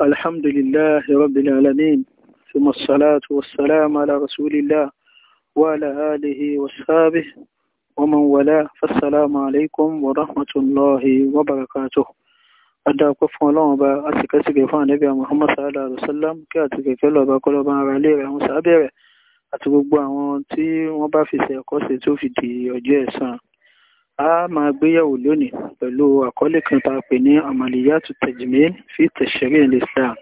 الحمد لله رب العالمين ثم الصلاة والسلام على رسول الله وعلى آله وصحابه ومن والاه فالسلام عليكم ورحمة الله وبركاته adáàpẹ́ fún ọlọ́run ọba àtìkẹ́sìkẹ́ fún ànẹ́bí Muhammad sallallahu alaihi wasallam kí àtìkẹ́kẹ́ lọ bá kọ́lọ́ bá ara lé rẹ̀ àwọn sábẹ̀rẹ̀ àti gbogbo àwọn tí wọ́n bá fi ṣe ẹ̀kọ́ sí tó fi di ọjọ́ ẹ̀san a máa gbéyẹ̀wò lónìí pẹ̀lú àkọlé kan tá a pè ní amaliyatu tajmil fi tashri al-islam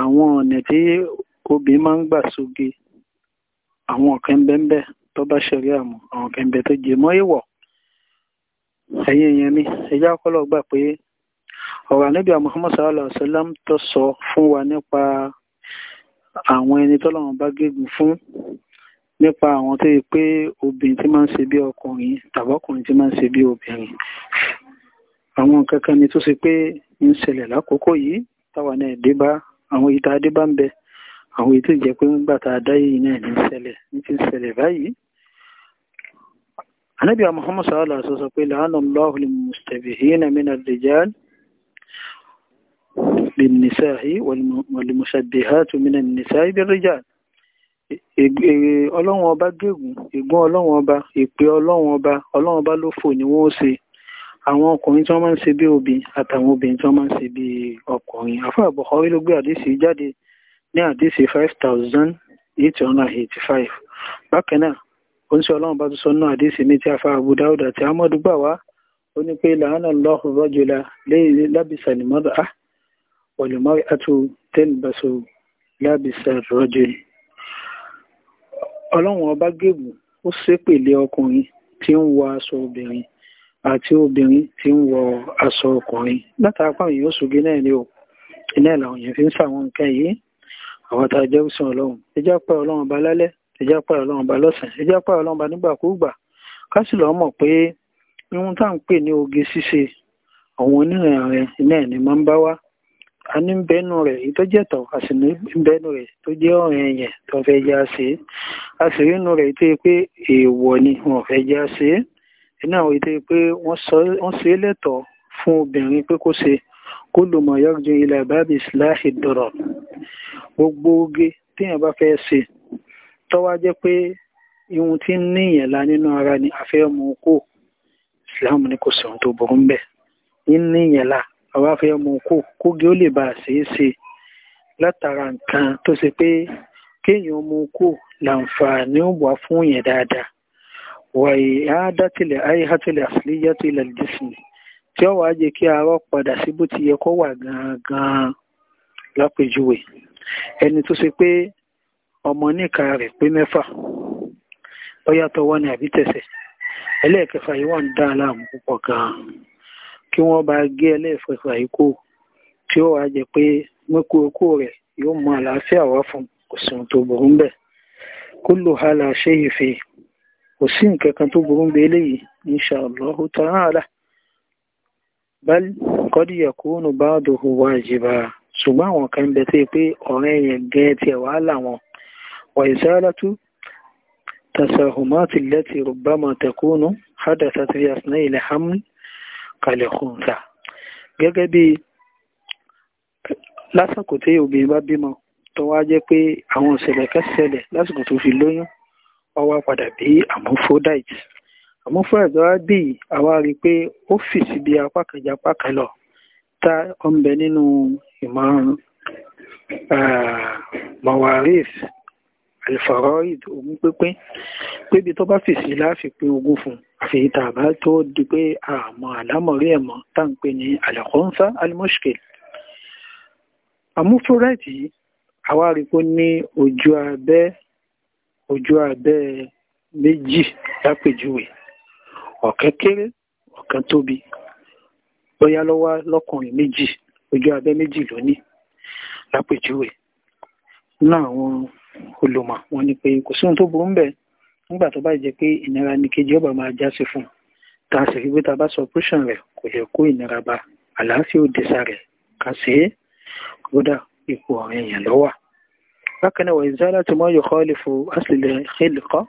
àwọn ọ̀nà tí obìnrin máa ń gbà sóge àwọn kan bẹ́ẹ̀ tó bá ṣẹ̀rí àmọ́ àwọn kan bẹ́ẹ̀ tó jẹ mọ́ ìwọ̀ ẹ̀yin èèyàn mi ẹjẹ́ àkọlọ́ gbà pé ọ̀rọ̀ ànábì Muhammad sallallahu alaihi tó sọ fún wa nípa àwọn ẹni tọ́lọ́run bá gégùn fún nípa àwọn tó yẹ pé obìnrin tí máa ń ṣe bí ọkùnrin tàbọ́kùnrin tí máa ń ṣe bí obìnrin àwọn kankan ni tó ṣe pé ń ṣẹlẹ̀ lákòókò yìí táwa náà dé bá àwọn ìta dé bá ń bẹ àwọn èyí tó jẹ́ pé ń gbà tá a dá yìí náà ní ṣẹlẹ̀ ní ti ṣẹlẹ̀ báyìí Ànábì Muhammad sallallahu alaihi wasallam pé la'ana Allahu al-mustabihina min ar-rijal bin-nisa'i wal-mushabbihatu min an-nisa'i bir-rijal ọlọ́run ọba gégùn ègún ọlọ́run ọba èpè ọlọ́run ọba ọlọ́run ọba ló fò ní wọ́n ṣe àwọn ọkùnrin tí wọ́n máa ń ṣe bí obìnrin àtàwọn obìnrin tí wọ́n máa ń ṣe bí ọkùnrin àfáà Bukhari ló gbé àdìsí jáde ní àdìsí five thousand eight hundred eighty five bákan náà ó ń sọ ọlọ́run bá tún sọ náà àdìsí ní ti àfáà Abu Dawud àti Ahmad gbà wá ó ní pé làánà lọ́hùn rọ́jùlá lẹ́yìn lábìsà ní mọ́tò á wọ̀lùmọ́ àtúntẹ́nbàṣọ lábìsà rọ́jùlá ọlọ́run ọba gèbù ó ṣépèlé ọkùnrin tí ń wọ aṣọ obìnrin àti obìnrin tí ń wọ aṣọ ọkùnrin látàpá èèyàn ṣùgbọ́n náà ni ò iná ìlànà yẹn fi ń fàwọn nǹkan yìí àwọn tá a jẹ́ òsìn ọlọ́run ẹjá pé ọlọ́run ọba lálẹ́ ẹjá pé ọlọ́run ọba lọ́sàn-án ẹjá ọlọ́run ọba nígbàkúùgbà ká sì lọ́ mọ̀ pé irun tá à ń pè ní oge ṣíṣe àwọn onírìn ààrẹ iná ẹ̀ ni máa ń bá wá ani mbenure itojeto asi mbenure to je oyenye to fe je ase asi inure ite pe iwo ni won fe je ase ina o ite pe won so won se fun obirin pe ko se ko ila bab islah idrar gbogbo oge ti en ba fe se to wa je pe ihun ti ni la ninu ara ni afẹ ọmọ oko islam ni ohun to buru nbẹ ni la àwa fẹ́ mú kó kóge ó lè bá a ṣeé ṣe látara nǹkan tó ṣe pé kéèyàn mú kó làǹfààní ó wà fún yẹn dáadáa wàyí á dátìlẹ̀ ayé hátìlẹ̀ àṣìlẹ́yà tó ilẹ̀ jísìmì tí ó wàá jẹ́ kí arọ́ padà sí bó ti yẹ kó wà gangan lápèjúwe ẹni tó ṣe pé ọmọ níka rẹ̀ pé mẹ́fà ó yàtọ̀ wá ní àbítẹ̀sẹ̀ ẹlẹ́ẹ̀kẹfà yìí wà ń dá aláàmú púpọ̀ gan-an kí wọ́n bá gé ẹlẹ́ẹ̀fẹ̀fà yìí kó tí ó wá jẹ pé mẹ́kú okó rẹ̀ yóò mú àlàáfíà wá fún kò sí ohun tó burú bẹ́ẹ̀ kó lò ha là ṣe ìfẹ́ kò sí nǹkan kan tó burú bẹ́ẹ̀ eléyìí insha Allahu ta'ala bal qad yakunu ba'duhu wajiban ṣùgbọ́n àwọn kan bẹ tí pé ọ̀rẹ́ yẹn gẹ́ tiẹ̀ wàhálà wọn wà ìsáàlátú tasahumati allati rubbama takunu hadathat kalẹ̀kùnza gẹ́gẹ́ bí lásìkò tí obìnrin bá bímọ tó wá jẹ́ pé àwọn ìṣẹ̀lẹ̀ kẹsẹ̀lẹ̀ lásìkò tó fi lóyún ó wá padà bí amorphodite amorphodite wá bí àwa rí i pé ó fì síbi apá kan jẹ apá kan lọ tá ó nínú ìmọ̀ eh, mawarif alfaraid ogún pínpín pébi tó bá fèsì láàfin pé ogún fún àfihàn tàbá tó di pé àmọ́ àlámọ̀rí ẹ̀mọ́ tá ń pè ní alkhonsa almushkil amúfúrẹ́ẹ̀tì yìí àwa rí pé ó ní ojú abẹ́ ojú abẹ́ méjì lápèjúwe ọ̀kan kéré ọ̀kan tóbi bóyá lọ́wọ́ lọ́kùnrin méjì ojú abẹ́ méjì lónìí lápèjúwe nínú àwọn olùmọ̀ wọn ni pé kò sóhun tó burú ń bẹ̀ nígbà tó bá jẹ́ pé ìnira ni kejì ọba máa já sí fún ta sì rí pé ta bá sọ operation rẹ̀ kò lè kó ìnira bá àlàáfíà òdìsá rẹ̀ kà sí kódà ipò ọ̀rẹ́ èèyàn lọ́wà bákan náà ìzára tó mọ́ yọkọ́ lè fo asìlẹ̀ xèlìkọ́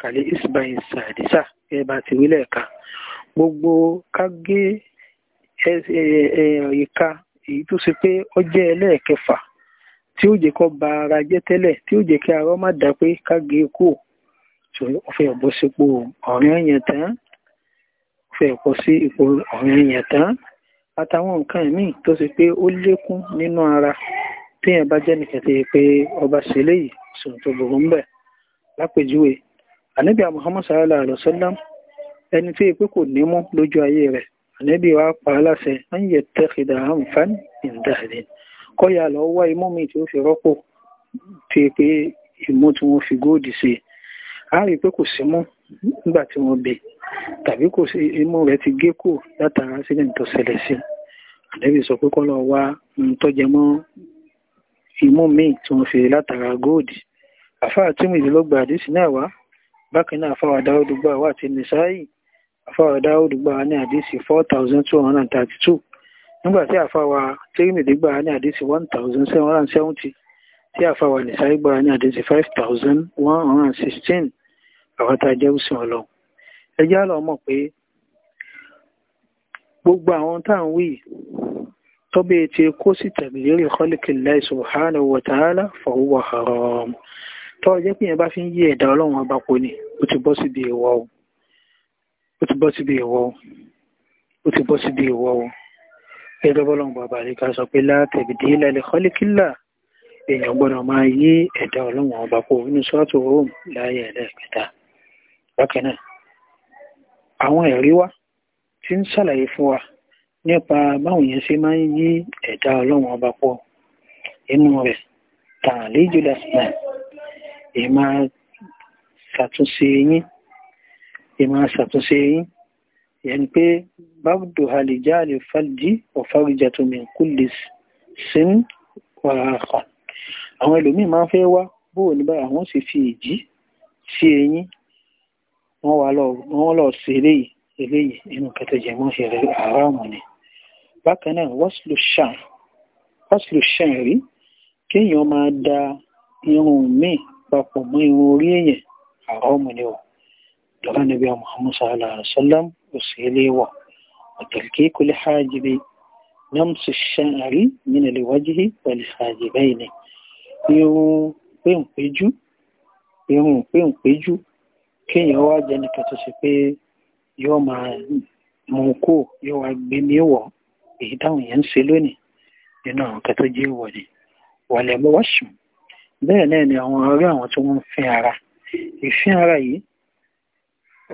kàlẹ́ isbain sàdísà gẹ́gẹ́ bá ti rí lẹ́ẹ̀ka gbogbo ká gé ìka èyí tó ṣe pé ó ẹlẹ́ẹ̀kẹfà tí ó jẹ́ kó ba ara jẹ́ tẹ́lẹ̀ tí ó jẹ́ kí arọ́ má dá pé ká gé e kú tó ọ̀fẹ́ ọ̀bọ̀ sípò ọ̀rẹ́ yẹn tán ọ̀fẹ́ ọ̀pọ̀ sí ipò ọ̀rẹ́ yẹn tán àtàwọn nǹkan míì tó ṣe pé ó lékún nínú ara téèyàn bá jẹ́ nìkan tó yẹ pé ọba ṣe léyìí sùn tó burú ń bẹ̀ lápèjúwe ànábì Muhammad sallallahu alaihi wasallam ẹni tó yẹ kò ní mú lójú ayé rẹ̀ ànábì wa pa á láṣẹ an yattakhidha anfan min dahabin kọ́yà lọ wá imú mi tí ó fi rọ́pò tí pé imú tí wọ́n fi góòdì sí a rí pé kò símú nígbà tí wọ́n bè tàbí kò sí imú rẹ̀ ti gé kù látara sílẹ̀ tó ṣẹlẹ̀ sí àdẹ́bí sọ pé kọ́ lọ wá tọ́jẹ mọ́ imú míì tí wọ́n fi látara góòdì àfáà tí mìlì ló gba àdísì náà wá bákan náà àfáà dáwọ́dúgbà wà àti nìsáyì àfáà dáwọ́dúgbà ní àdísì 4232 nígbà tí àfàwà tírímìdì gbà ní àdísì 1770 tí àfàwà nìsáyí gbà ní àdísì 5116 àwọn tá a jẹ́ òsìn ọlọ́run ẹjẹ́ àlọ́ mọ̀ pé gbogbo àwọn tá à ń wí tọ́bẹ̀ tí kó sì tẹ̀gbìlérí khalqillahi subhanahu wa ta'ala fa huwa haram tọ́ jẹ́ pé yẹn bá fi ń yí ẹ̀dá ọlọ́run ọba kò ní ó ti bọ́ síbi ìwọ ó ti bọ́ síbi ìwọ ó gẹ́gẹ́ bọ́lọ́run bàbá àríkà sọ pé látẹ̀bìdì ilẹ̀ kọ́líkílà èèyàn gbọ́dọ̀ máa yí ẹ̀dá ọlọ́run ọba kó nínú sọ́ọ̀tù rome láyé ẹlẹ́ẹ̀kẹta bákan náà àwọn ẹ̀rí wá tí ń ṣàlàyé fún wa nípa báwọn yẹn ṣe máa ń yí ẹ̀dá ọlọ́run ọba pọ̀ inú rẹ̀ tàn lé judas man ìmá ṣàtúnṣe yín ìmá ṣàtúnṣe yín yẹn pé babdu halijali falji wa farijatu min kulli sin wa raqa àwọn ẹlòmíì máa ń fẹ́ wá bóò ní báyìí àwọn sì fi ìjì sí eyín wọ́n wá lọ wọ́n lọ sí eléyìí eléyìí inú kẹtẹ jẹ mọ́ ṣe rẹ̀ àráàmù ni bákan náà wọ́sùlù ṣàn wọ́sùlù ṣàn rí kéèyàn máa da irun míì papọ̀ mọ́ irun orí èèyàn àráàmù ni ọ̀ lọ́la níbi àwọn sallallahu alaihi wasallam kò sí eléwọ̀n وتفكيك الحاجب نمس الشعر من الوجه والحاجبين irun péǹpéjú irun péǹpéjú kéèyàn wá jẹnìkan tó ṣe pé yóò máa mú kó yóò wá gbé mi wọ èyí táwọn èèyàn ń ṣe lónìí nínú àwọn kan tó jẹ ìwọ ni wàlẹ̀ mọ́wọ́sùn bẹ́ẹ̀ náà ni àwọn ọ̀rẹ́ àwọn tí wọ́n ń fín ara ìfín ara yìí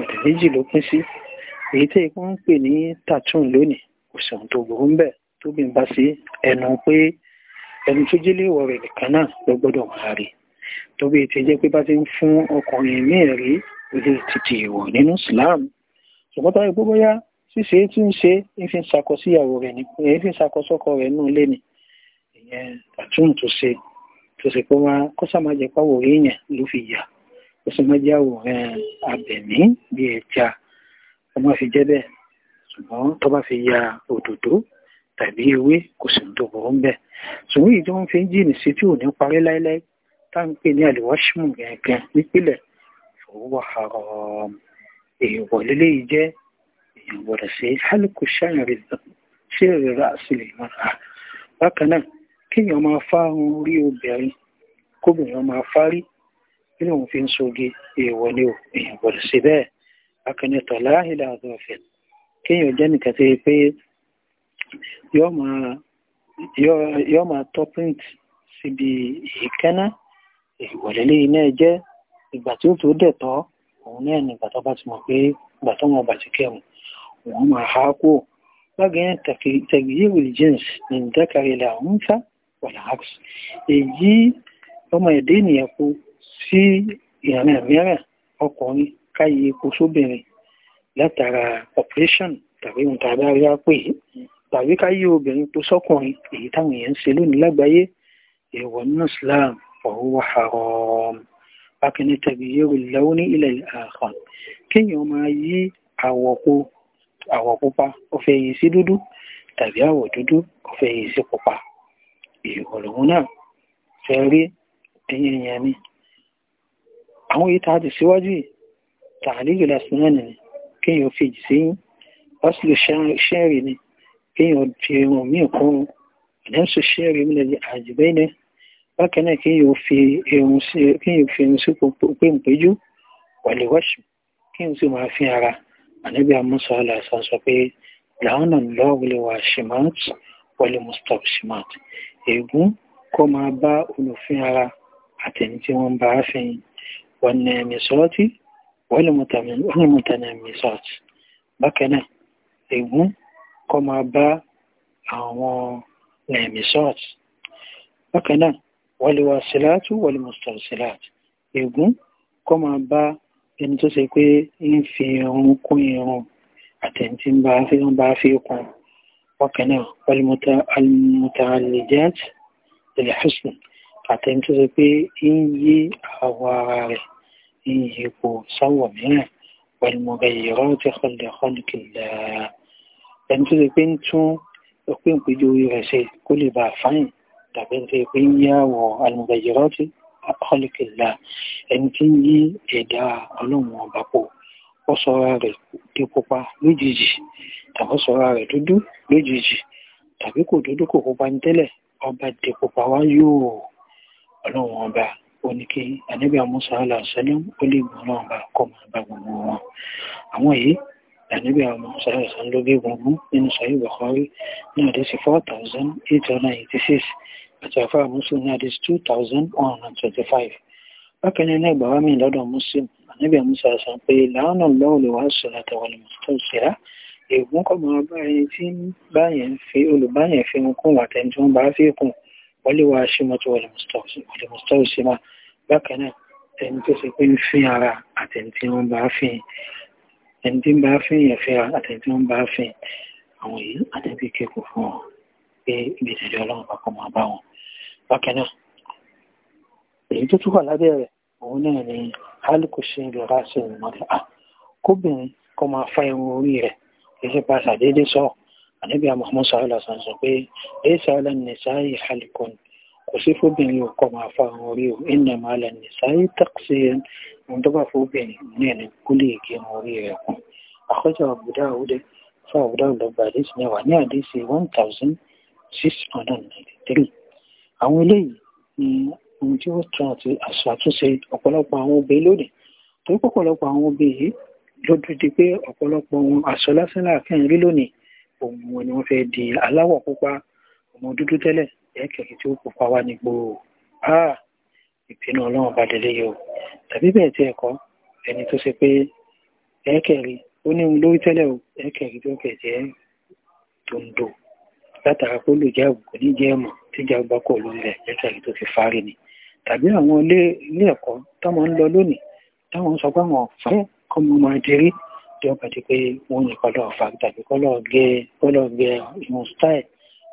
ọ̀dọ̀ méjì ló pín sí èyí tí wọ́n ń pè ní tattoo lónìí kò sí tó burú ń bẹ̀ tóbi ń bá sí ẹnu pé ẹni tó jí léèwọ̀ rẹ̀ nìkan náà ló gbọ́dọ̀ máa rí tóbi ti jẹ́ pé bá ti ń fún ọkùnrin ní ẹ̀rí ilé títí ìwọ̀ nínú Islam ṣùgbọ́n táwọn ìgbó bóyá ṣíṣe tí ń ṣe ń fi ṣakọ síyàwó rẹ̀ ní èyí fi ṣakọ sọ́kọ rẹ̀ nù lé ìyẹn tattoo tó ṣe tó ṣe pé wọn kó sàmà jẹ pàwọ̀ èèyàn ló fi yà kó sàmà àwòrán abẹ̀mí bíi ẹja ọmọ fi jẹ́ bẹ́ẹ̀ ṣùgbọ́n tó bá fi ya òdòdó tàbí ewé kò sì ń tó burú ń bẹ̀ ṣùgbọ́n èyí tí wọ́n fi ń jìnnì sí tí ò ní parí láéláé tá ń pè ní àlùwáṣímù gẹ̀ẹ́gẹ́ nípìnlẹ̀ fòwúwà àrọ̀ èèwọ̀ lélẹ́yìí jẹ́ èèyàn gbọ́dọ̀ sí hálùkù ṣáàrin sí ìrora sílẹ̀ mọ́ra bákan náà kéèyàn máa fárun orí obìnrin kóbìnrin máa fárí nínú òun fi ń soge èèwọ̀ ò èèyàn gbọ́dọ̀ sí bẹ́ẹ̀ akẹ́nitọ̀ láhìlà àzọ̀fẹ́ kéèyàn jẹ́ nìkan sí pé yọ́ máa tọ́ print síbi ìkẹ́ná ìwọ̀lẹ́lẹ́ iná jẹ́ ìgbà tí ó tó dẹ̀ tọ́ òun náà ni ìgbà tó bá ti mọ̀ pé ìgbà tó wọn bà ti kẹrùn wọn máa há kó bákan tẹ̀gbìyìwò james ní ìdákàrẹ̀lẹ̀ àwọn ń káyé epo sóbìnrin látara operation tàbí ohun tàbí àríyá pé tàbí káyé obìnrin epo sọ́kùnrin èyí táwọn èèyàn ń ṣe lónìí lágbàáyé èèwọ̀ nínú Islam ọ̀húnwá haram bákan ní tẹ̀bí yẹ́rù lẹ́wọ́ ní ilẹ̀ àkàn kéèyàn máa yí àwọ̀ pupa ọ̀fẹ́ yìí sí dúdú tàbí àwọ̀ dúdú ọ̀fẹ́ yìí sí pupa èèwọ̀ lòun náà fẹ́ rí ẹ̀yìn ẹ̀yìn mi àwọn yìí tá a ti síwájú yìí tààlílù lásánà ni kéèyàn fèjì séyìn ọ́sùlù ṣẹ́rì ni kéèyàn fi irun mí kún ọ̀dẹ́sù ṣẹ́rì mi lẹ́yìn àjùbẹ́ ni bákan náà kéèyàn fi irun sí pèmpéjú wàlíwọ́sù kéèyàn sì máa fi ara ànábì amúsọ aláṣà sọ pé làwọn náà lọ́wọ́ lè wà ṣìmáàt wọlé mustapha ṣìmáàt ègún kó máa bá olùfin ara àtẹni tí wọ́n bá fi wọ́lùmùtànàmìsọ́t bákanáà ègún kọ máa bá àwọn nàìmìsọ́t eh, bákanáà wọ́lùwàsílátù wọ́lùmùsọ̀sílátù ègún kọ máa bá ẹni tó ṣe pé ń fi irun kún irun àtẹ̀ntí ń bá fi kún bákanáà wọ́lùmùtàlìjẹ́t ilẹ̀ husn àtẹ̀ntí tó iyípo sáwọ̀ mìíràn pẹ̀lú mọ̀gá ìrọ́ ti kọlẹ̀ kọlùkìlà ẹni tó ti pé ń tún òpin ìpéjọ orí rẹ̀ ṣe kó lè bá fáyìn tàbí ẹni tó ti pé ń yàwọ̀ àlùmọ̀gá ìrọ́ ti kọlùkìlà ẹni tí ń yí ẹ̀dá ọlọ́run ọba pò ó sọra rẹ̀ di òní kí ànábì Musa aláàsálẹ́m ó lè gùn náà bá kọ́ máa bá gbogbo wọn àwọn yìí ànábì Musa aláàsálẹ́m ló gbé gbogbo nínú Sahih Bukhari ní àdísí 4886 àti àfáà Muslim ní àdísí 2125 bákan ní ẹgbà wá mìí lọ́dọ̀ Muslim ànábì Musa aláàsálẹ́m pé láàánà lọ́wọ́ lè wá sọ̀rọ̀ àtàwọn olùmọ̀tòsíra ègún kọ́ máa bá ẹni tí fi olùbáyẹn fi kún wàtẹ́ tí wọ́n bá fi kún والواشمة والمستوسمة بكنا ẹni tó ṣe pé ń fi ara àtẹ̀ntí wọ́n bá fi ẹni tí ń bá fi yẹn fi ara àtẹ̀ntí wọ́n bá fi àwọn yìí àtẹ̀ntí kéèkù fún wọn pé ibi ìṣẹ̀lẹ̀ ọlọ́run bá kọ́ máa bá wọn bákan náà èyí tó túbọ̀ lábẹ́ rẹ̀ òun náà ni alukó ṣe ń lọ́ra sí ìmọ̀lẹ́ à kóbìnrin kó máa fa irun orí rẹ̀ kì í ṣe pa ṣàdédé sọ̀rọ̀ ànábì Muhammad sàrọ̀lá sàn sọ pé ẹ̀ẹ́sà ọ̀là nìsáyì halikon kò sí fóbìnrin ò kọ́ máa fa àwọn orí o ẹ̀nà máa là nìsáyì tàkìsí ohun tó bá fóbìnrin ní ẹ̀nà kó lè gé wọn orí rẹ̀ kún àkọ́jọ àbúdá àwúdẹ fún àbúdá ọ̀lọ́gbà àdéṣì mẹ́wàá ní àdéṣì one thousand six hundred ninety three àwọn eléyìí ni ohun tí ó tún àti àṣàtúnṣe ọ̀pọ̀lọpọ̀ àwọn obìnrin lónìí torí pọ̀pọ̀lọpọ̀ àwọn obìnrin yìí ló dúdú pé ọ̀pọ̀lọpọ̀ ohun àṣọ lásán láàfin rí lónìí òun wọn ni wọ́n fẹ́ di aláwọ̀ pupa ọmọ dúdú tẹ́lẹ̀ ẹ̀kẹ̀kẹ̀ tí ó pupa wá ní gbòòrò áà ah! ìpinnu ọlọ́run bá délé yìí o tàbí bẹ́ẹ̀ tí ẹ̀kọ́ ẹni tó ṣe pé ẹ̀kẹ̀rí ó ní òun lórí tẹ́lẹ̀ o ẹ̀kẹ̀rí tó kẹ̀ jẹ́ tòǹdò látara pé olùjáàbù kò ní jẹ́ ẹ̀mọ̀ tíjà bá kọ̀ ló ń lẹ̀ ẹ̀kẹ̀rí tó fi fárí ni tàbí àwọn ilé ẹ̀kọ́ táwọn ń lọ lónìí táwọn sọ pé àwọn ọ̀fẹ́ kọ́mọ máa dirí tí wọ́n kàtí pé wọ́n ní kọ́lọ̀ fà tàbí kọ́lọ̀ gẹ kọ́lọ̀ gẹ ìwọ̀n style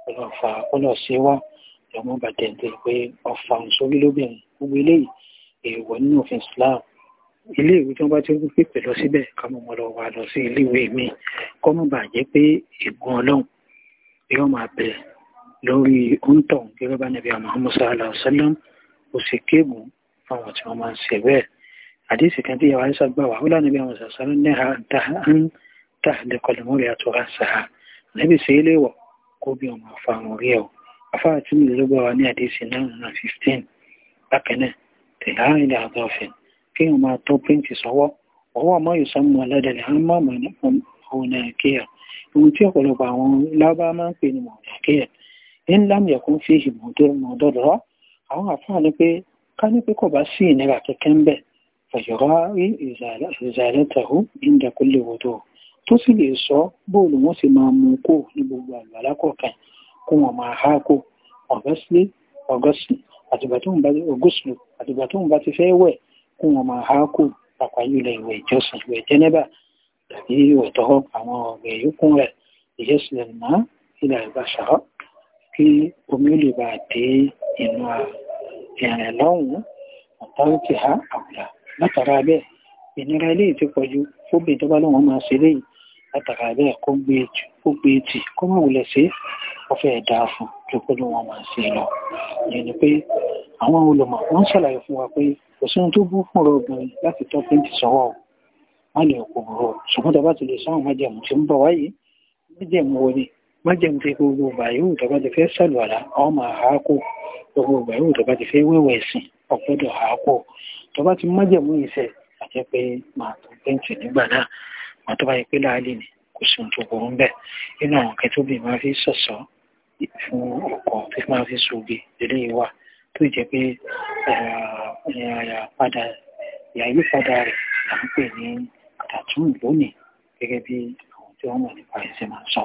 kọ́lọ̀ fà kọ́lọ̀ ṣe wá lọ́mọ bàtẹ̀ ń tẹ̀lé pé ọ̀fà òṣòrí lóbìnrin gbogbo eléyìí èèwọ̀ nínú òfin Islam ilé ìwé tí wọ́n bá ti ń pèpè lọ síbẹ̀ káwọn ọmọ lọ wà lọ sí ilé ìwé mi kọ́mọ bà jẹ́ pé ègún ọlọ́run yóò máa bẹ̀ lórí oúntọ̀ gẹ́gẹ́ bá nàbí àmọ́ Musa aláwọ̀ sẹ́lẹ̀m òsèkébù fáwọn tí wọ́n máa ń ṣe bẹ́ẹ̀ حديث كان فيه عليه الصلاة والسلام وحول النبي صلى الله عليه وسلم نهى أن تحدق المولى تغسها النبي سيلي وقوبي وما فاموريه أفاتم اللغة واني حديث نعم 15 لكن تلعان إلى أضاف كي وما توبين في صوى وهو ما يسمى لدى الهامة من هناكية يمتي قلوب عوان لا باما في هناكية إن لم يكن فيه مدر مدر àwọn àfáà ní pé ká ní pé kò bá sí ìnira kẹ̀kẹ́ ń bẹ̀ fẹ̀yọ̀rárí ìzàlẹ́tàhù ìdá kó lè wọ́dọ̀ tó sì lè sọ bóòlù wọ́n sì máa mú kó ní gbogbo àlù alákọ̀ọ́kan kó wọ́n máa há kó ọ̀gọ́sílé ọ̀gọ́sìn àtìgbà tó ń bá ti fẹ́ wẹ̀ kó wọ́n máa há kó àpáyílẹ̀ ìwẹ̀ ìjọsìn ìwẹ̀ jẹ́nẹ́bà tàbí ìwẹ̀ tọ́họ́ àwọn ọ̀gbẹ̀ yókùn àwùjá látara bẹ́ẹ̀ ìnira ilé ti pọ̀ ju fóbìn tó máa ṣe léyìí látara bẹ́ẹ̀ kó gbé etì kó e máa wulẹ̀ sí ọfẹ́ ẹ̀dá fún ju pé lóun máa ṣe lọ ìyẹn ni pé àwọn olùmọ̀ wọ́n ṣàlàyé fún wa pé kò sí ohun tó bú fún ọ̀rọ̀ obìnrin láti tọ́ pé ń ti sọ́wọ́ o wọ́n lè kò búrò ṣùgbọ́n tó bá ti lè sáwọn májẹ̀mú tí ń bọ̀ wáyé májẹ̀mú wo ni májẹ̀mú ti gbogbo bàyíwò tó bá ti fẹ́ sàlùwàlá ọmọ àákò gbogbo bàyíwò tó bá ti fẹ́ wẹ̀wẹ̀ ẹ̀sìn ọ̀gbọ́dọ̀ àákò tó ti májẹ̀mú ìṣe àti pé màá tó bẹ́ǹtì nígbà náà màá tó bá yẹ pé láàlì ni kò sí ohun tó burú ń bẹ̀ nínú àwọn kẹtó bí máa fi sọ̀sọ́ fún ọkọ̀ tí máa fi ṣoge lélẹ́ yìí tó jẹ́ pé ìyá eh, eh, ìyípadà rẹ̀ là ń pè ní tàtún lónìí gẹ́gẹ́ bí àwọn tí wọ́n mọ̀ nípa ẹ̀sìn máa sọ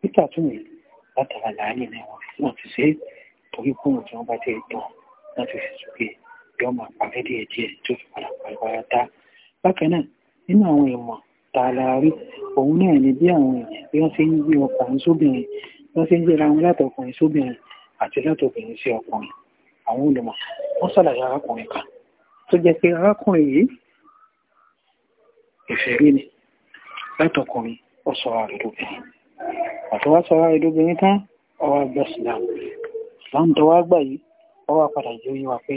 ní tàtún yìí látara láàlì náà wọ́n ti ṣe é torí kúrò tí wọ́n bá ti tàn láti fi ṣoge yọ máa parẹ́ díẹ̀ díẹ̀ tí ó fi padà pàápàá dá bákan náà nínú àwọn ìmọ̀ tààlàárí òun náà ni bí àwọn èèyàn bí wọ́n ṣe ń gbé ọkùnrin sóbìnrin bí wọ́n ṣe ń gbéra wọn látọkùnrin sóbìnrin àti látọkùnrin sí ọkùnrin àwọn olùmọ̀ wọ́n ṣàlàyé arákùnrin kan tó jẹ́ pé arákùnrin yìí ìfẹ́rí ni látọkùnrin ó sọ ara rẹ̀ lóbìnrin àti wá sọ ara rẹ̀ lóbìnrin tán ọwọ́ àgbà sílámù láǹtọ́ wá gbà yìí ọwọ́ padà jẹ́ oyé wa pé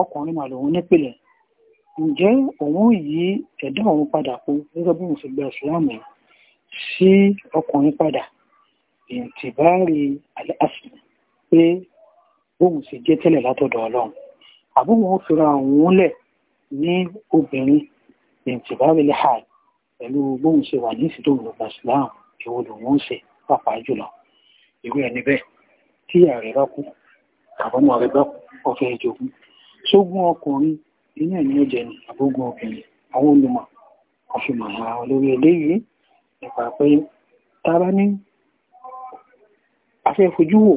ọkùnrin mà lòun nípìnlẹ̀ ǹjẹ́ òun yí ẹ̀dá òun padà po gẹ́gẹ́ bí mùsùlùmí ìsìláàmù sí ọkùnrin padà ìtìbárì aláàsì pé bóun sì jẹ́ tẹ́lẹ̀ látọ̀dọ̀ ọlọ́run àbúrò wọn fira òun lẹ̀ ní obìnrin ìtìbárì lẹ́hà pẹ̀lú bóun ṣe wà ní ìsìtò òmùlùmí ìsìláàmù ìwọ lòun ṣe pàápàá jùlọ irú ẹni bẹ́ẹ̀ tí ààrẹ bá kú àbọ̀mọ̀ rẹ̀ bá kú ọ̀fẹ́ ìjogún ṣógun ọkùnrin iná ẹ̀mí ọ̀jẹ̀ ni àbógun obìnrin àwọn olùmọ̀ àfihàn àwọn olórí eléyìí nípa pé ta bá ní afẹ́ fojú wò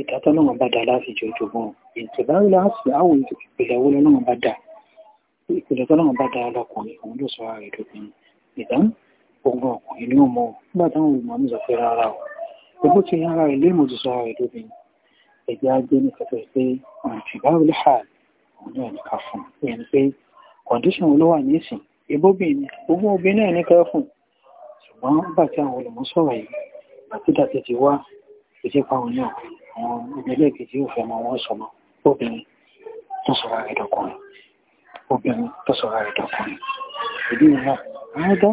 ìtàtọ́ náà bá dá láti jẹ ojúgbọ́n ìtẹ̀bárí láti àwọn ìpìlẹ̀ owó lọ́nà bá dá ìpìlẹ̀ tó náà bá dá lọ́kùnrin òun ló sọ ààrẹ dókun ìdán ogun ọkùnrin ní ọmọ nígbà táwọn olùmọ̀ ń zọfẹ́ rárá o gbogbo ti ara ilé mo ti sọ ààrẹ dókun ẹgbẹ́ ajé ní kẹfẹ́ pé ìtẹ̀bárí láti òun náà ní ká fún un pé ẹni pé kọ̀ǹdíṣàn wo ló wà ní ìsìn ìbóbìnrin gbogbo obìnrin náà ní ká fún un ṣùgbọ́n nígbà tí àwọn olùmọ̀ sọ̀rọ̀ yìí àtúntà ti ti wá ìdí pàwọn náà àwọn ìgbẹ́lẹ̀ kejì ò fẹ́ mọ wọn sọmọ obìnrin tó sọ̀rọ̀ rẹ̀ dọkùnrin obìnrin tó sọ̀rọ̀ rẹ̀ dọkùnrin ìdí ìran àádá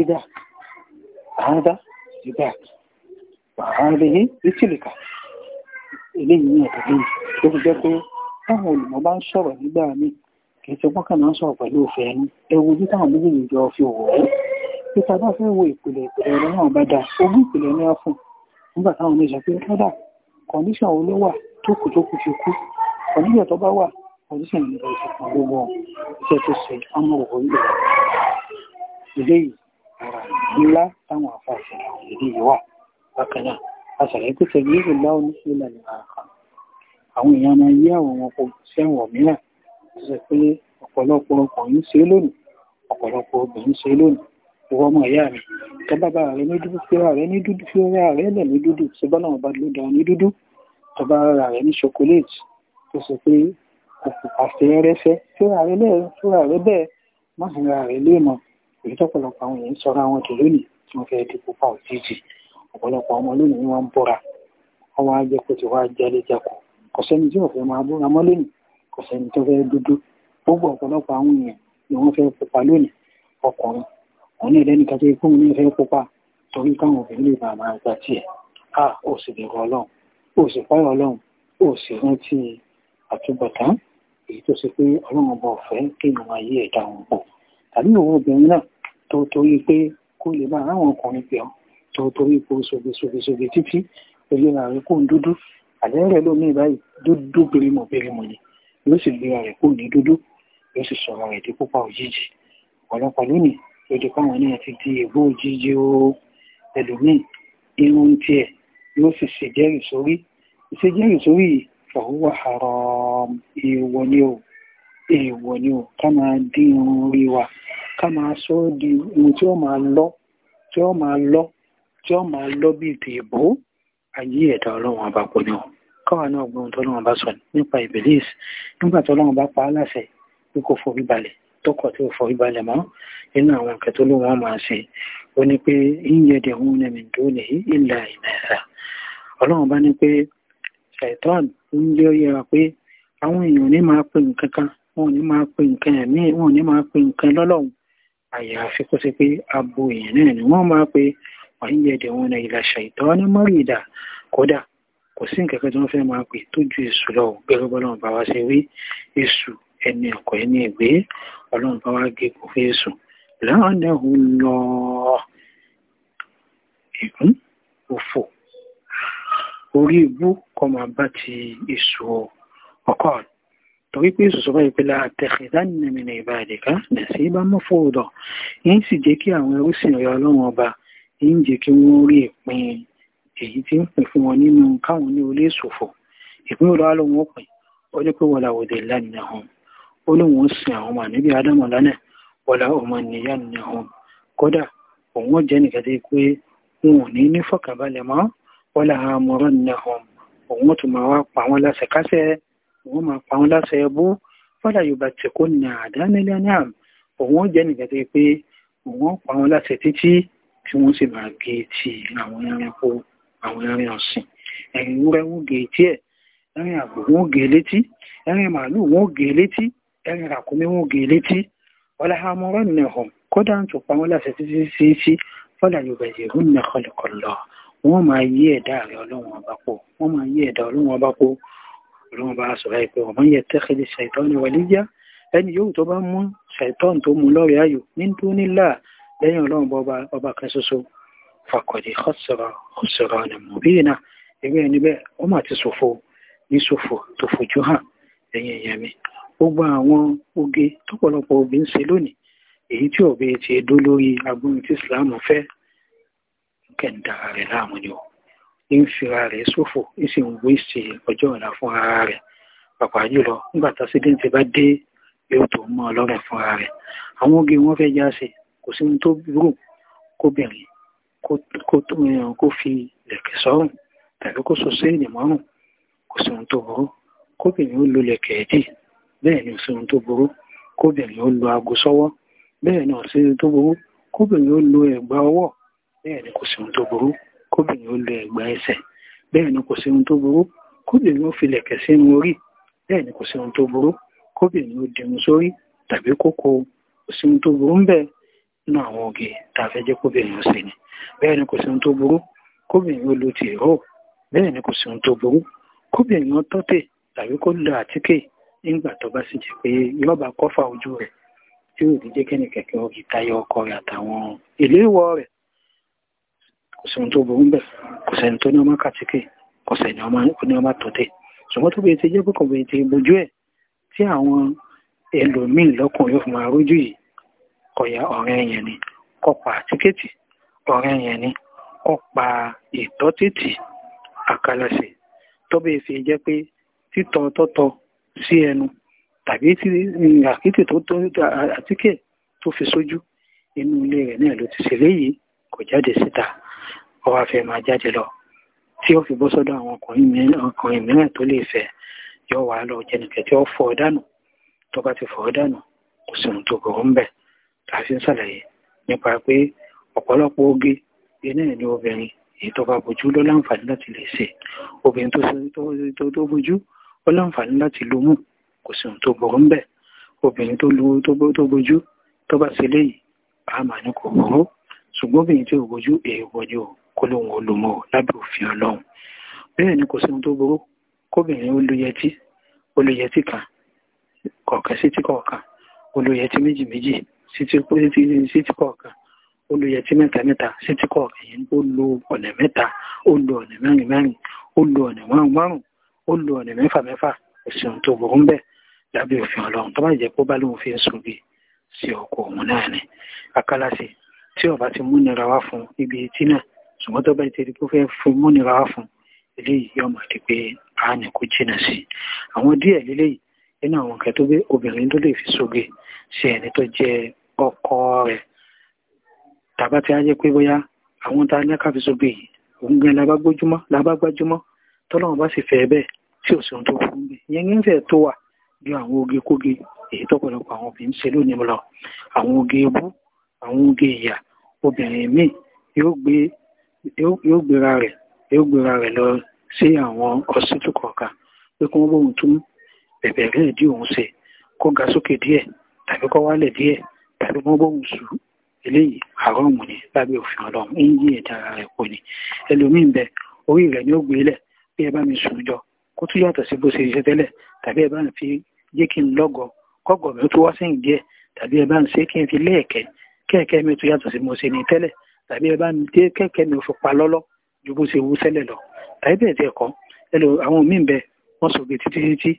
ìdá àádá ìdá àádá yìí ìtìlìkà eléyìí ní ẹ̀dọ̀ lóyún tó fi jẹ́ pé táwọn olùmọ̀ bá ń sọ̀rọ̀ nígbà míì kì í ṣe pọ́n kàn máa ń sọ̀rọ̀ pẹ̀lú òfin ẹni ẹ wo ojú táwọn méjèèjì jọ fi wò ó peter abá fẹ́ wo ìpìlẹ̀ ìpìlẹ̀ ọ̀rọ̀ náà bá dáa ogún ìpìlẹ̀ ní ọ̀fun nígbà táwọn mi pé kódà kọ̀ǹdíṣàn wo ló wà tó kù tó kù fi kú kọ̀ǹdíṣàn tó bá wà kọ̀ǹdíṣàn ìlú ìṣẹ̀kan gbogbo iṣẹ́ tó ṣe ọmọ òwò ìlú eléyìí ara ńlá táwọn afáàfin àwọn èèyàn máa yí àwọn wọn kò sẹ́wọ̀n mìíràn tó sọ pé ọ̀pọ̀lọpọ̀ ọkùnrin ṣe lónìí ọ̀pọ̀lọpọ̀ obìnrin ṣe lónìí ìwọ ọmọ ìyá mi tẹ bàbá rẹ ní dúdú fíra rẹ ní dúdú fíra rẹ lẹ ní dúdú ṣe bọ́lá wọn bá ló dá ní dúdú tọba ara rẹ ní ṣokoléètì tó sọ pé àfẹ́rẹ́fẹ́ fíra rẹ lẹ́ẹ̀ fíra rẹ bẹ́ẹ̀ má fi ra rẹ léèmọ̀ èyí tọ́pọ̀lọpọ̀ àwọn èèyàn sọra wọn tó lónìí tí wọ́n fẹ́ di pupa òjijì ọ̀pọ̀lọpọ̀ ọmọ lónìí ni wọ́n ń bọ́ra ọwọ́ ajẹ́kọ̀ọ́ ti wá kò tí ò máa búra mọ́ lónìí kò tó fẹ́ dúdú gbogbo ọ̀pọ̀lọpọ̀ àwọn èèyàn ni wọ́n fẹ́ pupa lónìí ọkùnrin wọn ní ìlẹ́ni kan tó ikú ní fẹ́ pupa torí káwọn obìnrin lè bá máa gba tiẹ̀ a ò sì bẹ̀rù ọlọ́run ò sì fọ́rọ̀ ọlọ́run ò sì rántí àtúbọ̀tán èyí tó ṣe pé ọlọ́run ọba ọ̀fẹ́ kéèyàn máa yí ẹ̀dá wọn pọ̀ tàbí òun obìnrin náà tó torí pé kó lè bá àwọn ọkùnrin pẹ̀ tó torí pé ó sogesogesoge títí òye rà àdéhùn lómi báyìí dúdú birimọ birimọ ni yóò sì gbéra rẹ̀ kó ní dúdú yóò sì sọ̀rọ̀ rẹ̀ di púpà òjijì ọ̀pọ̀lọpọ̀ lónìí lójú káwọn náà ti di ègbó òjijì o ẹlòmíì irun tiẹ̀ yóò sì ṣèjẹ́rìí sórí ìṣèjẹ́rìí sórí yìí fọwọ́ haram èèwọ̀ ni o èèwọ̀ ni o ká máa dín irun orí wa ká máa sọ ọ́ di irun tí ó máa lọ tí ó máa lọ tí ó máa lọ bíi tèèbó ayé ẹ̀dá ọlọ́run ọba kò ní ọ káwa náà gbọ́n tọ́lọ́run ọba sọ nípa ìbílíìsì nígbà tọ́lọ́run ọba pa á láṣẹ pé kò forí balẹ̀ tọkọ̀ tí ò forí balẹ̀ mọ́ nínú àwọn nǹkan tó lóun wọn máa ṣe ó ní pé ìyẹ̀dẹ̀ òun ní mi tó ní ìlà ìnàṣà ọlọ́run bá ní pé ṣàìtọ́n ń jẹ́ yẹra pé àwọn èèyàn ní máa pe nǹkan kan wọn ní máa pe nǹkan ẹ̀mí wọn ní máa pe nǹkan lọ́lọ́run àyàfi kó ṣe pé abo èèyàn náà ni wọ́n máa pe wà ń yẹ̀dẹ̀ wọn náà ìlà ṣàìtọ́ ní mọ́rì ìdá kódà kò sí nǹkan kan tí wọ́n fẹ́ máa pè tó ju èṣù lọ gẹ́gẹ́ bọ́lọ́run bá wá ṣe wí èṣù ẹni ọ̀kọ̀ ẹni ìgbé ọlọ́run bá wá gé kò fún èṣù lọ́nà òun lọ ìgún òfò orí ibú kọ máa bá ti èṣù ọkọ̀ torí pé èṣù sọ́bàá ìpínlẹ̀ àtẹ̀kẹ̀dánimìnà ìbàdìkà nẹ̀sí bá mọ́fọ́ ọ̀dọ̀ yìí sì jẹ́ kí àwọn ẹrú sìn ọ̀yọ́ ọlọ́run ọba ń jẹ́ kí wọ́n rí ìpín èyí tí ń pín fún wọn nínú káwọn ní olé ìṣòfò ìpín òdò àlọ́ wọn pín ó ní pé wọ́lá òdè lánàá hàn ó ní wọ́n sin àwọn ọmọ àníbí ádámù lánàá wọ́lá ọmọ nìyá nìyá hàn kódà òun jẹ́ nìkan tí pé wọn ò ní ní fọkànbalẹ̀ mọ́ wọ́lá àmọ́rọ́ nìyá hàn òun tún máa wá pa wọn láṣẹ kásẹ̀ òun máa pa wọn láṣẹ ẹbú wọ́lá yorùbá tẹ̀kọ́ nà àdánilẹ́ náà òun jẹ́ nìkan tí pé òun pa wọn láṣẹ títí tí wọ́n sì máa gé ti àwọn ẹranko àwọn ẹran ọ̀sìn ẹ̀yìn wúrẹ́ wọ́n gé etí ẹ̀ ẹ̀rìn àgbò wọ́n gé létí ẹ̀rìn màálù wọ́n gé létí ẹ̀rìn ràkúnmí wọ́n gé létí ọ̀làhàmọ́rọ́ nìhàn kódà ń tún pa wọ́n láṣẹ títí sí sí fọ́là yorùbá yìí hún ní kọlọ̀kọlọ̀ wọ́n máa yí ẹ̀dá rẹ̀ ọlọ́run ọba pọ̀ wọ́n máa yí ẹ̀dá ọlọ́run ọba pọ̀ ọlọ́run ọba sọ báyìí pé ọmọ yẹ tẹ́kẹ̀lé ṣàìtọ́ ni wàlíyá ẹni yóò tó bá mú ṣàìtọ́ tó mú lọ́rẹ̀ ayò ní dúnílà lẹ́yìn ọlọ́run bọ́ ọba kan ṣoṣo fàkọ̀dé khasara khusranan ọ ewé ẹni bẹ́ẹ̀ wọ́n ti ṣòfò ní ṣòfò tó fojú hàn ẹ̀yìn ẹ̀yà mi oge tọ́pọ̀lọpọ̀ obì ń ṣe lónìí èyí tí ọ̀bẹ ti dó lórí agbóhun tí Islam fẹ́ kẹ̀ǹdàrà rẹ̀ láàmú ni ó ń ń bá dé yóò tó oge wọn já kò sí ní tó burú kóbìnrin eh, kó fi lẹ̀kẹ̀ sọ́rùn tàbí kó so sí ìnìmọ́rùn kò sí ohun tó burú kóbìnrin ó lo lẹ̀kẹ̀ ẹ̀dì bẹ́ẹ̀ ni ò sí ohun tó burú kóbìnrin ó lo aago sọ́wọ́ bẹ́ẹ̀ ni ò sí ohun tó burú kóbìnrin ó lo ẹ̀gbà ọwọ́ bẹ́ẹ̀ ni kò sí ohun tó burú kóbìnrin ó lo ẹ̀gbà ẹsẹ̀ bẹ́ẹ̀ ni kò sí ohun tó burú kóbìnrin ó fi lẹ̀kẹ̀ sínú orí bẹ́ẹ̀ ni kò sí ohun tó burú kóbìnrin ó dirun sórí tàbí kókó kò sí ohun tó burú ń bẹ́ẹ̀ nínú àwọn oge tá a fẹ́ jẹ́ kóbìnrin ṣe ni bẹ́ẹ̀ ni kò sí ohun tó burú kóbìnrin ó lo ti ẹ̀hó bẹ́ẹ̀ ni kò sí ohun tó burú kóbìnrin ó tọ́tẹ̀ tàbí kó lo àtíkè nígbà tó bá sì jẹ́ pé yọba kọ́fà ojú rẹ̀ tí ò ní jẹ́ kẹ́ni kẹ̀kẹ́ ògì táyé ọkọ rẹ̀ àtàwọn ìléwọ́ rẹ̀ kò sí ohun tó burú bẹ̀ kò sẹ́ni tó ní ọmọ kàtíkè kò sẹ́ni ọmọ tọ́tẹ̀ ṣùgbọ́n tó bẹ̀rẹ̀ ti jẹ́ pé kò bẹ̀rẹ̀ ti bojú ẹ̀ tí àwọn ẹlòmíì lọ́kùnrin ó fi máa rójú yìí kọ̀yà ọ̀rẹ́ yẹn ni kọ̀pà tíkẹ́ẹ̀tì ọ̀rẹ́ yẹn ni ọ̀pà ìtọ́tìtì àkàlàsẹ̀ tọ́bẹ̀ fi jẹ́ pé títọ́ tọ́tọ́ sí ẹnu tàbí àkítì tó tó àtíkè tó fi sójú inú ilé rẹ̀ náà ló ti ṣe léyìí kò jáde síta ó wá lọ tí ó fi bọ́ sọ́dọ̀ àwọn ọkùnrin mìíràn tó lè fẹ́ yọ wàá lọ jẹnìkẹ́ tí ó ọ dànù tó bá ti ọ dànù tàbí ń ṣàlàyé nípa pé ọ̀pọ̀lọpọ̀ oge iná ẹ̀ ní obìnrin èyí tó bá bojú ló láǹfààní láti lè ṣe obìnrin tó bojú ó láǹfààní láti lo mú kò sí ohun tó burú ń bẹ̀ obìnrin tó bojú tó bá ṣe léyìí a máa ní kò burú ṣùgbọ́n obìnrin tí ò bojú èyí bojú kó lóun ó lò mọ́ lábẹ́ òfin ọlọ́run bẹ́ẹ̀ ni kò sí ohun tó burú kóbìnrin ó lo yẹtí ó lo yẹtí kan kọ̀ọ̀kan sí tí kọ̀ọ̀kan ó lo yẹtí méjì méjì títí pé títí kọ̀ọ̀kan ó lo yẹtí mẹ́ta mẹ́ta títí kọ̀ọ̀kan yẹn ó lo ọ̀nà mẹ́ta ó lo ọ̀nà mẹ́rin mẹ́rin ó lo ọ̀nà márùn márùn ó lo ọ̀nà mẹ́fà mẹ́fà òsì ohun tó burú bẹ́ẹ̀ lábẹ́ òfin ọlọ́run tó bá jẹ́ pé ó bá lóun fi ń sùn bí sí ọkọ̀ òun náà ni akálàsì tí ọba ti múnira wá fún ibi etí náà ṣùgbọ́n tó bá ti di pé ó fẹ́ fún wá fún eléyìí yóò máa di pé àánì kò jìnnà sí àwọn díẹ̀ lélẹ́yìí nínú àwọn nǹkan tó obìnrin tó lè fi sóge sí ẹni tó jẹ́ ọkọ rẹ̀ tàbá tí a yẹ pé bóyá àwọn tá a ní káfíńsọ bè yìí òun gan labá gbójúmọ́ labá gbájúmọ́ tọ́lọ́wọ́n bá sì fẹ́ bẹ́ẹ̀ tí ò sí ohun tó fún mi yẹn ní fẹ́ tó wà ju àwọn oge kóge èyí tọ́pọ̀lọpọ̀ àwọn obìnrin ṣe lónìí lọ àwọn oge ebú àwọn oge ìyà obìnrin míì yóò gbéra rẹ̀ yóò gbéra rẹ̀ lọ sí àwọn ọsítù kọ̀ọ̀kan pé kí wọ́n bóun tún bẹ̀bẹ̀ rẹ̀ dí òun ṣe kó ga sókè díẹ̀ tàbí kó wálẹ̀ díẹ̀ tàbí wọ́n bóun sùn eléyìí àrọ́ọ̀mù ni lábẹ́ òfin ọlọ́run ń yí ẹ̀dá ara rẹ̀ pò ní ẹlòmíín bẹ orí rẹ̀ ni ó gbé lẹ̀ bí ẹ bá mi sùn jọ kó tún yàtọ̀ sí bó ṣe ṣe tẹ́lẹ̀ tàbí ẹ bá ń fi jẹ́ kí n lọ́gọ̀ kọ́gọ̀ mi ó tún wá sẹ́yìn díẹ̀ tàbí ẹ bá ń ṣe kí n fi lẹ́ẹ̀kẹ́ kẹ́ẹ̀kẹ́ mi tún yàtọ̀ sí mo ṣe ní tẹ́lẹ̀ tàbí ẹ bá ń dé kẹ́ẹ̀kẹ́ mi ò fi pa lọ́lọ́ ju bó ṣe wú sẹ́lẹ̀ lọ tàbí bẹ́ẹ̀ tiẹ̀ kọ́ ẹlò àwọn míín bẹ wọ́n sọ gbé títí títí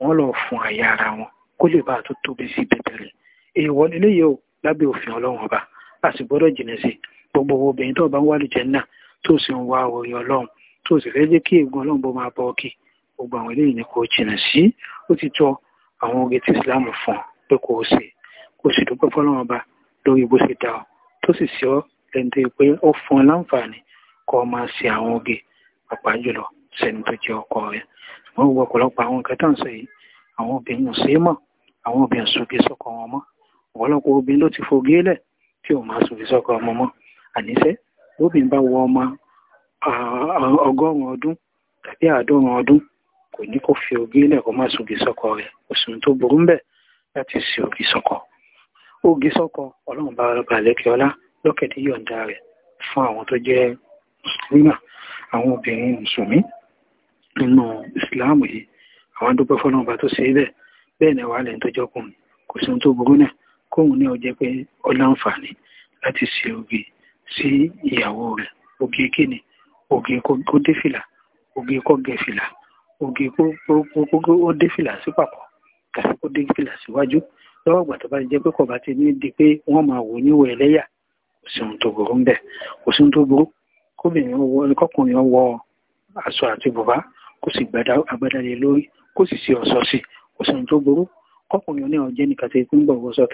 wọ́n lọ fún àyà ara wọn kó lè bá a tó tóbi sí bẹ̀bẹ̀rẹ̀ èèwọ̀ nílé yìí ó lábẹ́ òfin ọlọ́run ọba a sì gbọ́dọ̀ jìnà sí gbogbo obìnrin tó bá ń wá lùjẹ́ náà tó sì ń wá orí ọlọ́run tó sì fẹ́ jẹ́ kí ègún ọlọ́run bó máa bọ́ kí gbogbo àwọn eléyìí ni kò jìnà sí ó ti tọ́ àwọn oge tí Islam fún pé kò sí kò sì dúpẹ́ fọlọ́run ọba lórí bó ṣe dá ọ tó sì sí ọ pé ó fún ọ láǹfààní kọ́ máa ṣe àwọn oge pàpà jùlọ sẹ́ni tó jẹ́ ọkọ rẹ̀ wọ́n wọ ọ̀pọ̀lọpọ̀ àwọn nǹkan tá à ń sọ yìí àwọn obìnrin ò sí mọ́ àwọn obìnrin sókè sọ́kọ wọn mọ́ ọ̀pọ̀lọpọ̀ obìnrin ló ti fogé lẹ̀ tí ò máa sùn ìsọ́kọ ọmọ mọ́ àníṣe lóbìnrin bá wọ ọmọ ọgọ́rùn-ún ọdún tàbí àádọ́rùn-ún ọdún kò ní kó fi ogé lẹ̀ kó má sùn ìsọ́kọ rẹ̀ òsùn tó burú ńbẹ̀ láti ṣe ògì sọ́kọ ògì sọ́kọ ọlọ́run bá balẹ̀kẹ́ ọlá lọ́kẹ̀dé yọ̀ǹda rẹ̀ fún àwọn tó jẹ́ mùsùlùmí àwọn obìnrin mùsùlùmí nínú ìsìláàmù yìí àwọn dúpẹ́ fọlọ́run tó ṣe bẹ́ẹ̀ bẹ́ẹ̀ ni wàá tó jọkùnrin kò sí ohun tó burú náà kóhun náà jẹ́ pé ó láǹfààní láti ṣe oge sí ìyàwó rẹ̀ oge kíni oge kó dé fìlà oge kó gẹ fìlà oge kó dé fìlà sí pàpọ̀ tàbí kó dé fìlà síwájú lọ́wọ́ ìgbà tó bá jẹ́ pé kọ̀ọ̀bá ti ní di pé wọ́n máa wò níwò ẹlẹ́yà kò sí ohun tó burú ń bẹ̀ kò sí ohun tó burú kóbìnrin wọ kọkùnrin wọ aṣọ àti bùbá kó sì gbádá lórí kó sì ṣe ọ̀ṣọ́ sí kò sí ohun tó burú kọkùnrin náà jẹ́ nìkan tó ń bọ̀ wọ́sọ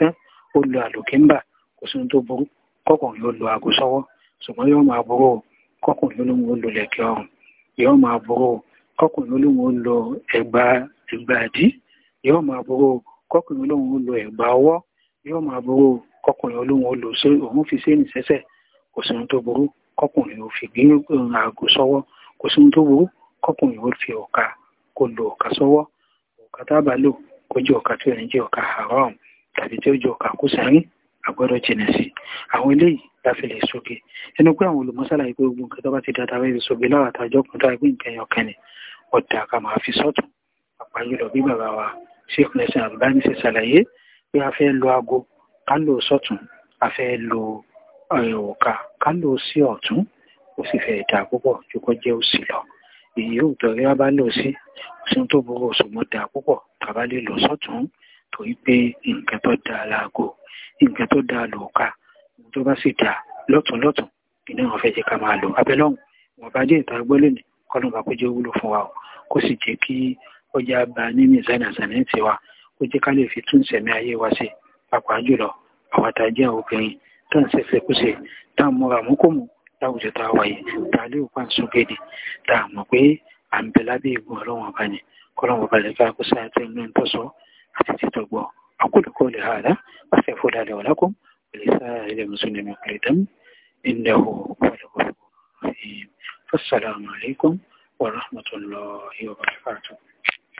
ó lo àlòkíńbà kò sí ohun tó burú kọkùnrin ó lo aago sọ́wọ́ ṣùgbọ́n yóò máa burú o kọkùnrin olóhùn ó lo lẹ̀kẹ̀ ọrùn yóò máa burú o kọkùnrin olóhùn ó lo ẹ̀gbà ẹ̀gbà àdí yóò máa burú o kọkùnrin olóhùn ó lo ẹ̀gbà ọwọ́ yóò máa burú o kọkùnrin olóhùn ó lo òun fi séènì sẹ́sẹ̀ kò sí ohun tó burú kọkùnrin ò fi gbé um, aago sọ́wọ́ kò sí ohun tó burú kọkùnrin ò fi ọ̀ka kò lo ọ̀ka sọ́wọ́ ọ̀ka tábà lò kó jẹ́ ọ̀ka tí ò ní haram tàbí tí ó jọ kàkúsàárí àgbọ́dọ̀ jìnà sí àwọn eléyìí láfi lè sóge ẹnu pé àwọn olùmọ́sálà yìí pé gbogbo nǹkan tó bá ti dáadáa wẹ́ẹ́ fi sóge láwọn àtàjọ kan tó àgbé nǹkan ẹyọ kan ni ọ̀dà ká máa fi sọ́tún àpáyé lọ bí bàbá wa Sheikh Nasir Albani ṣe ṣàlàyé pé a fẹ́ lo aago ká lò sọ́tún a fẹ́ lo òòkà ká lò sí ọ̀tún ó sì fẹ́ dà púpọ̀ ju kọ́ jẹ́ òsì lọ èyí ò tọ́rí wá bá lò sí òsì tó burú òṣùwọ̀n dà púpọ̀ tàbá lè lò sọ́tún torí pé nǹkan tó dáa láago nǹkan tó dáa lòókà tó bá sì dáa lọ́tún lọ́tún iná wọn fẹ́ jẹ́ ká máa lò abẹ́lọ́hùn wọn bá jẹ́ ìta gbọ́ lónìí kọ́nà bá kó jẹ́ wúlò fún wa o kó sì jẹ́ kí ọjà bá ní mìsánà sàní ti wa kó jẹ́ ká lè fi tún sẹ̀mí ayé wa ṣe pàápàá jùlọ àwọn àtàjẹ́ obìnrin tá ń ṣẹ̀ṣẹ̀ kúṣe tá à ń múra àmúkòmù láwùjọ tá a wà tá a lè wò pa nsúgẹ́ni tá a mọ̀ pé à ń bẹ lábẹ́ ìgbọ̀n ọlọ́wọ́n ọba ni kọ́nà bàbá lè ká kó sáà tẹ́ ń lọ́n tó sọ àti títọ̀gbọ̀ أقول قولي هذا وأستغفر الله ولكم ولسائر المسلمين كل ذنب إنه هو الغفور الرحيم فالسلام عليكم ورحمة الله وبركاته